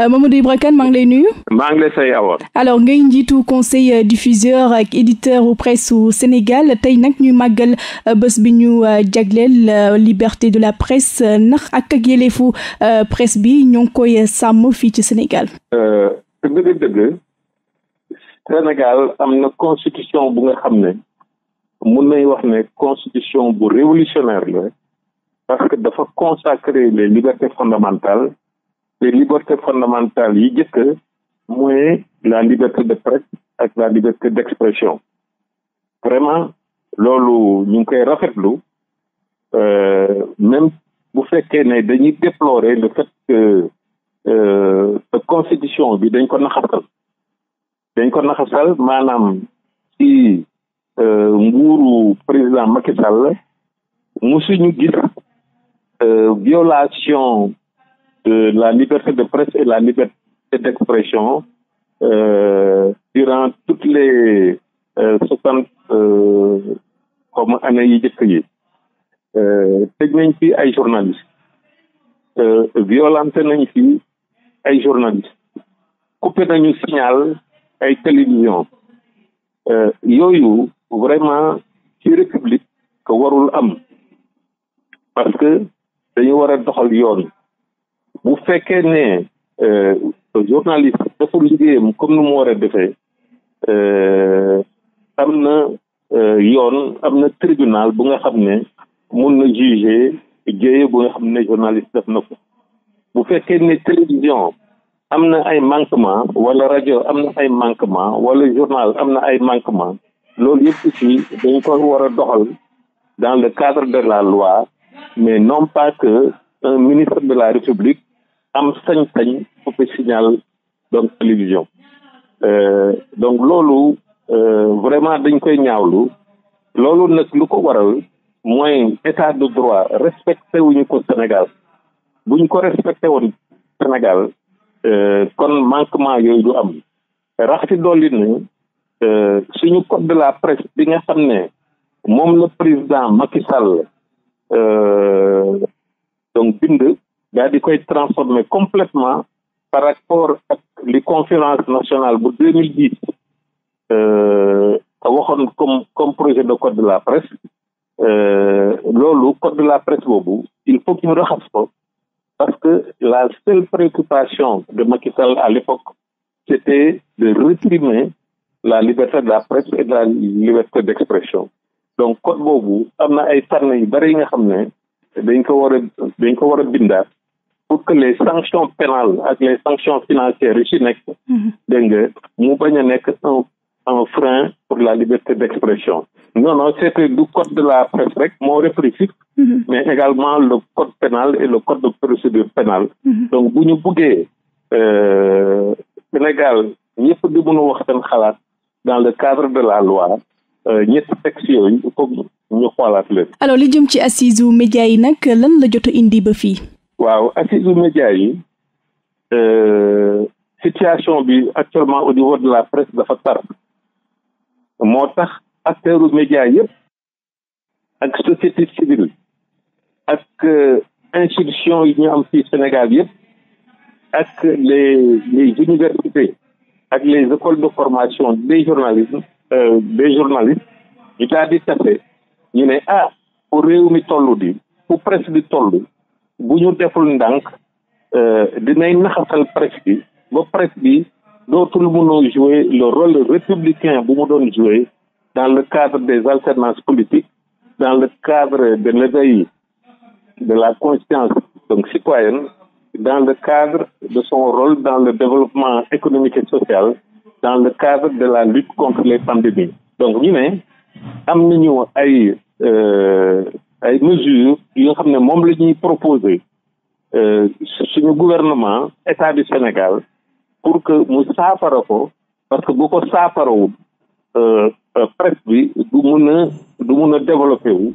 Euh, Mamadou Ibra Kane maa ngi lay nuyu. maa ngi lay say awa. alors ngay njiitu conseil euh, diffuseur ak éditeur u presse u Sénégal tey nag ñuy màggal euh, bés bi ñu jagleel liberté de la presse ndax ak ak yëleefu presse bi ñoo ngi koy sàmm fii ci Sénégal. dëgg-dëgg Sénégal am na constitution bu nga xam ne mun nañ wax ne constitution bu révolutionnaire la parce que dafa consacrer les libertés fondamentales. les libertés fondamentales yi jëkk mooy la liberté de presse ak la liberté d'expression vraiment loolu ñu ngi koy rafetlu euh, même bu fekkee ne dañuy déplorer le fait euh, que constitution bi dañ ko naxasal dañ ko naxasal maanaam ci euh, nguuru président Macky mu musuñu gis violation la liberté de presse et la liberté d'expression euh, durant toutes les euh, soixante euh, comme année yi jëkk yi euh, tëj nañ fi ay journalistes violenté nañ fi ay journalistes coupé nañu signal ay télévision yooyu vraiment ci république que warul am parce que dañu war a doxal yoon bu fekkee ne euh, journaliste dafa liggéeyam comme nu mu waree a defee euh, am na euh, yoon am na tribunal bu nga xam ne mun na juger jéye bu nga xam ne journaliste def na ko bu fekkee ne télévision am na ay manquement wala rajo am na ay manquement wala journal am na ay manquement loolu yëpp aussi dañ ko war doxal dans le cadre de la loi mais non pas que un ministre de la République am sañ-sañ couper signal donc télévision euh, donc loolu euh, vraiment dañ koy ñaawlu loolu nag lu ko waral mooy état de droit respecté wuñu ko Sénégal buñ ko respecté woon Sénégal euh, kon manquement yooyu du am rax ci dolli na suñu code de la presse bi nga xam ne moom la président Macky Sall donc bind daal di koy transformer complètement par rapport ak li conférence nationale bu a euh, waxoon comme comme projet de code de la presse euh, loolu code de la presse boobu il faut ñu raxas ko parce que la seule préoccupation de Macky Sall à l'époque c'était de réprimer la liberté de la presse et de la liberté d'expression donc code boobu am na ay sànn yu bari yi nga xam ne dañ ko war dañ ko war a bindaat pour que les sanctions pénales ak les sanctions financières yu ci nekk mhm. dégg nga mu bañ a nekk un un frein pour la liberté d'expression non non c'était du code de la presse rek moo répressif mhm. mais également le code pénal et le code de procédure pénale mhm. donc bu ñu buggee euh, Sénégal ñëpp di mën wax seen xalaat dans le cadre de la loi euh, ñetti textes yooyu il faut ñu xoolaat leen alors li jëm ci assises médias yi nag lan la jot indi ba fii waaw assises médias yi euh, situation bi actuellement au niveau de la presse dafa tar moo tax acteurs médias yëpp ak société civile ak euh, institution yi ñu am Sénégal yëpp ak les les universités ak les écoles de formation des journalistes euh, des journalistes ñu daal di tase ñu ne ah pour réew mi toll di pour presse bi toll bu ñu deful ndànk euh, dinay naxasal presse bi ba presse bi dootul mun a jouer le rôle républicain bu mu doon jouer dans le cadre des alternances politiques dans le cadre de l'éveil de la conscience donc citoyenne dans le cadre de son role dans le développement économique et social dans le cadre de la lutte contre les pandémies donc ñu ne am nañu ay euh, ay mesures yi nga xam ne moom la ñuy proposer euh, suñu gouvernement état du Sénégal pour que mu saafara ko parce que bu ko saafarawul euh, euh, presse bi du mun a du mun a développé wu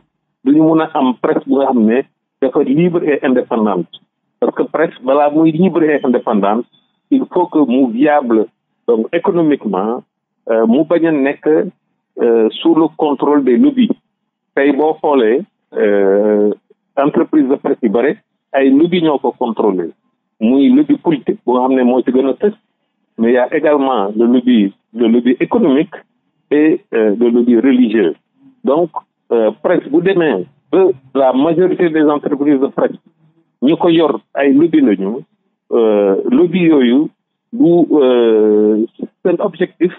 ñu mun a am presse bu nga xam ne dafa libre et indépendante parce que presse balaa muy libre et indépendante il faut que mu viable donc économiquement mu bañ a nekk sous le contrôle des lobbies tey boo xoolee Euh, entreprise de presse yu bare ay lobby ñoo ko contrôler muy lobby politique boo xam ne moo ci gën a tës mais y également le lobby le lobby économique et euh, le lobby religieux donc euh, bu demee ba la majorité des entreprises de presse ñu ko yor ay lobby lañu euh, lobby yooyu du seen objectif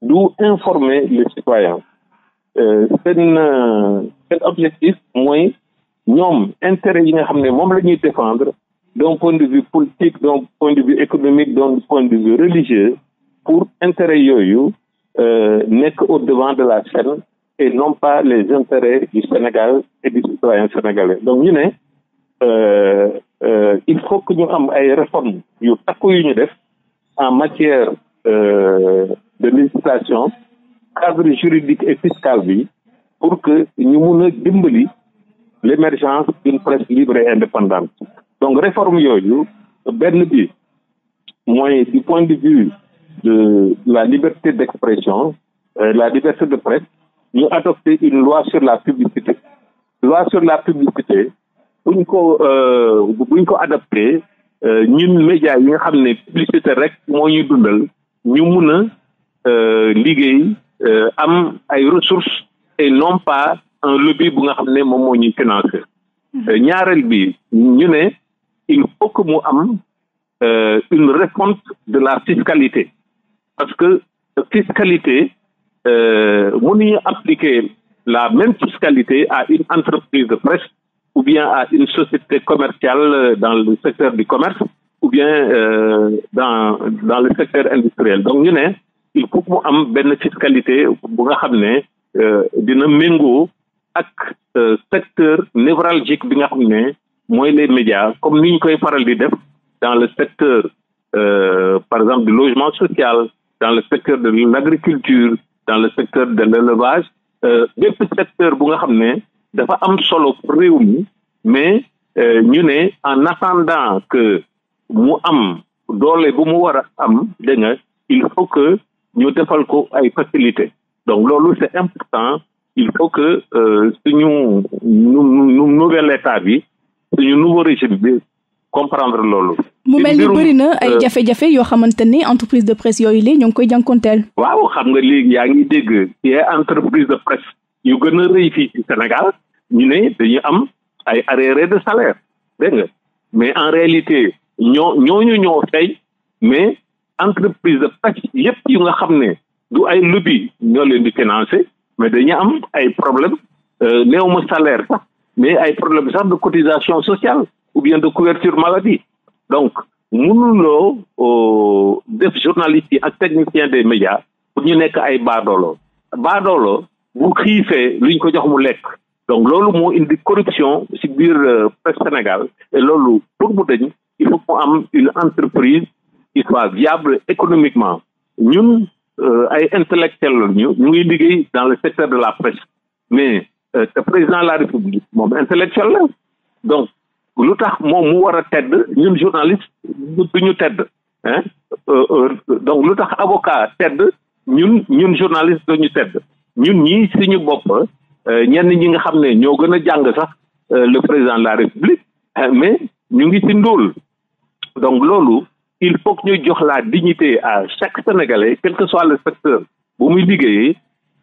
du informer les citoyens seen seen objectif mooy ñoom intérêt yi nga xam ne moom la ñuy défendre d'un point de vue politique d'un point de vue économique d'un point de vue religieux pour intérêt yooyu euh, nekk au devant de la scène et non pas les intérêts du Sénégal et du citoyen sénégalais donc ñu ne euh, euh, il faut que ñu am ay réformes yu takku yu ñu def en matière de législation cadre juridique et fiscal bi pour que ñu mun a dimbali l'émergence d'une presse libre et indépendante donc réforme yooyu benn bi mooy du point de vue de la liberté d'expression euh, la liberté de presse ñu adopté une loi sur la publicité loi sur la publicité buñ ko euh, buñ ko adopté euh, ñun médias yi nga xam ne publicité rek moo ñuy dundal ñu mun a euh, liggéey am ay ressources et non pas un lobby bu nga xam ne moom moo ñuy financé mhm. euh, ñaareel bi ñu ne il faut que mu am euh, une réponse de la fiscalité parce que fiscalité euh, mënuñu appliquer la même fiscalité à une entreprise de presse ou bien à une société commerciale dans le secteur du commerce ou bien dans dans le secteur industriel donc ñu ne il faut mu am benn fiscalité bu nga xam ne Euh, dina méngoo ak euh, secteur névralgique bi nga xam ne mooy les médias comme ni ñu koy faral di def dans le secteur euh, par exemple du logement social dans le secteur de l'agriculture dans le secteur de l'élevage euh, bépp euh, secteur bu nga xam ne dafa am solo réew mi mais ñu ne en attendant que mu am doole bu mu war a am dégg nga il faut que ñu defal ko ay facilité donc loolu c'est important il faut que euh, suñu nouvel état bi suñu nouveau régime bi comprendre loolu. mu mel ni bëri na ay euh, jafe-jafe yoo xamante ne entreprise de presse yooyu la ñoo ngi koy jànkonteel. waaw xam nga léegi yaa ngi dégg ci entreprise de presse yu gën a rëy fii ci Sénégal ñu ne dañu am ay arriérés de salaire dégg nga mais en réalité ñoo ñooñu ñoo fay mais entreprise de presse yëpp yu nga xam ne. du ay lobby ñoo leen di financer mais dañu am ay problème euh, néew ma salaire sax mais ay problème sax de cotisation sociale ou bien de couverture maladie donc mënuloo euh, def journalistes yi ak techniciens des médias pour ñu nekk ay baadoolo baadoolo bu xiifee luñ ko jox mu lekk donc loolu moo indi corruption ci biir euh, Sénégal et loolu pour mu dañ il faut mu am une entreprise qui soit viable économiquement ñun Euh, ay intellectuels la ñu ñu ngi liggéey dans le secteur de la presse mais te euh, président la république moom intellectuel la donc lu tax moom mu war a tedd ñun journaliste du ñu tedd hein euh, donc lu tax avocat tedd ñun ñun journaliste du ñu tedd ñun ñii suñu bopp ñenn ñi nga xam ne ñoo gën a jàng sax le président la république mais ñu ngi ci ndóol donc loolu il faut que ñu jox la dignité à chaque sénégalais quel que soit le secteur bu muy liggéey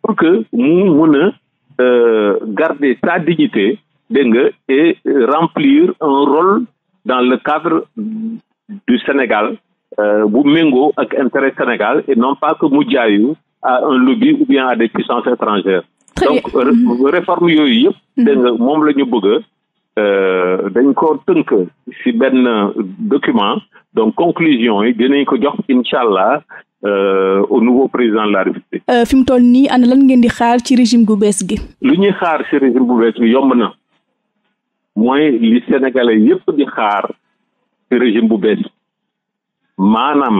pour que mu mu a euh, garder sa dignité dégg nga et remplir un rôle dans le cadre du Sénégal euh, bu méngoo ak intérêt Sénégal et non pas que mu jaayu à un lobby ou bien à des puissances étrangères donc euh, mm-hmm. réforme yooyu yëpp dégg moom la ñu bëgg Euh, dañ ko tënk ci benn document donc conclusion yi dinañ ko jox incha allah euh, au nouveau président la République. Euh, fi mu nii ana lan ngeen di xaar ci régime bu bees gi. lu ñuy xaar ci régime bu bees gi yomb na mooy li sénégalais yépp di xaar ci régime bu bees maanaam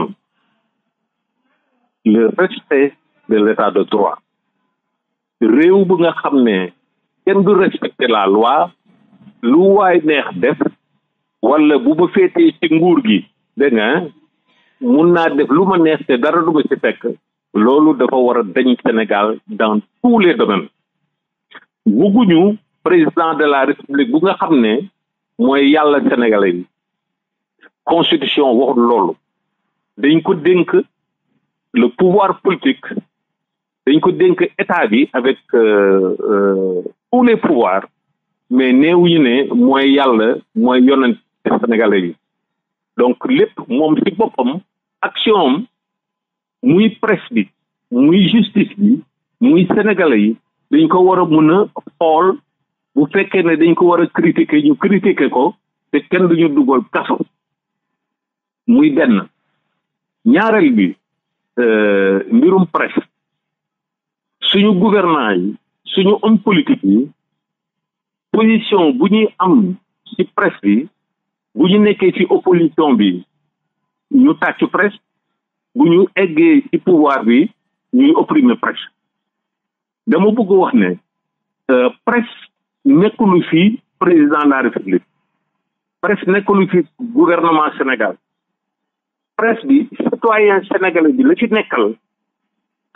le respect de l'état de droit réew bu nga xam ne kenn du respecter la loi. lu waay neex def wala bu ma féetee ci nguur gi dégg nga mun naa def lu ma neex te dara du ma ci fekk loolu dafa war a dañ Sénégal dans tous les domaines bugguñu président de la république bu nga xam ne mooy yàlla sénégalais yi constitution waxul loolu dañ ko dénk le pouvoir politique dañ ko dénk état bi avec euh, euh tous les pouvoirs mais néewuñu ne mooy yàlla mooy yonent sénégalais yi donc lépp moom ci boppam action am muy presse bi muy justice bi muy sénégalais yi dañ ko war a mën a xool bu fekkee ne dañ ko war a critiquer ñu critiquer ko te kenn duñu dugal kaso muy benn ñaareel bi euh, mbirum presse suñu gouvernant yi suñu homme politique yi position bu ñuy am ci presse bi bu ñu nekkee ci opposition bi ñu tàccu presse bu ñu eggee ci pouvoir bi ñuy opprimer presse dama bëgg wax ne euh, presse nekkulu fi président la république presse nekkulu fi gouvernement Sénégal presse bi citoyen sénégalais bi la ci nekkal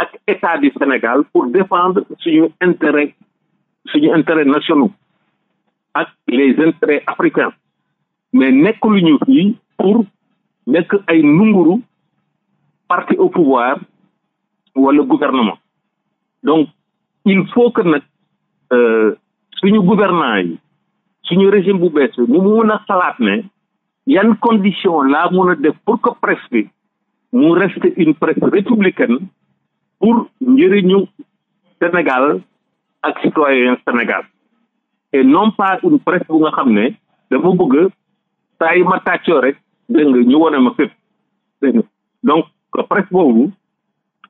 ak état bi Sénégal pour défendre suñu intérêt suñu intérêt nationaux ak les intérêts africains mais nekkuluñu fii pour nekk ay nunguru parti au pouvoir wala gouvernement donc il faut que nag euh, suñu gouvernant yi suñu régime bu bees bi mu mun a xalaat ne yan condition laa mun a def pour que presse bi mu reste une presse républicaine pour njëriñu Sénégal ak citoyen Sénégal et non pas une presse bu nga xam ne dama bëgg saa yi ma tàccoo rek dégg ñu wane ma fépp donc presse boobu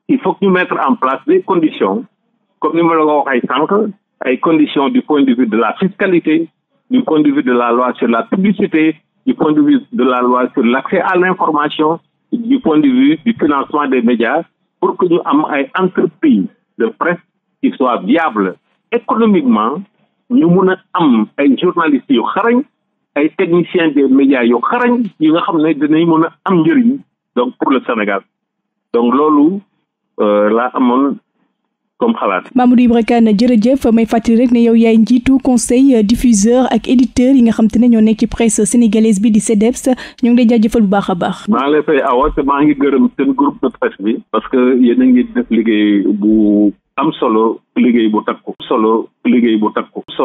il faut ñu mettre en place des condition comme ni ma la ko wax ay sànq ay conditions du point de vue de la fiscalité du point de vue de la loi sur la publicité du point de vue de la loi sur l'accès à l'information du point de vue du financement des médias pour que ñu am ay entreprises de presse qui soient viables économiquement ñu mun a am ay journalistes yu xarañ ay techniciens des médias yu xarañ yi nga xam ne dinañ mun a am njëriñ donc pour le Sénégal donc loolu euh, laa amoon comme xalaat. Mamadou Ibra Kane jërëjëf may fàttali rek ne yow yaay njiitu conseil euh, diffuseur ak éditeur yi nga xam te ne ñoo nekk ci presse sénégalaise bi di CDEPS ñu ngi lay jaajëfal bu baax a baax. maa ngi lay fay awa te maa ngi gërëm seen groupe de presse bi. parce que yéen a ngi def liggéey bu. am solo liggéey bu takku solo liggéey bu takku solo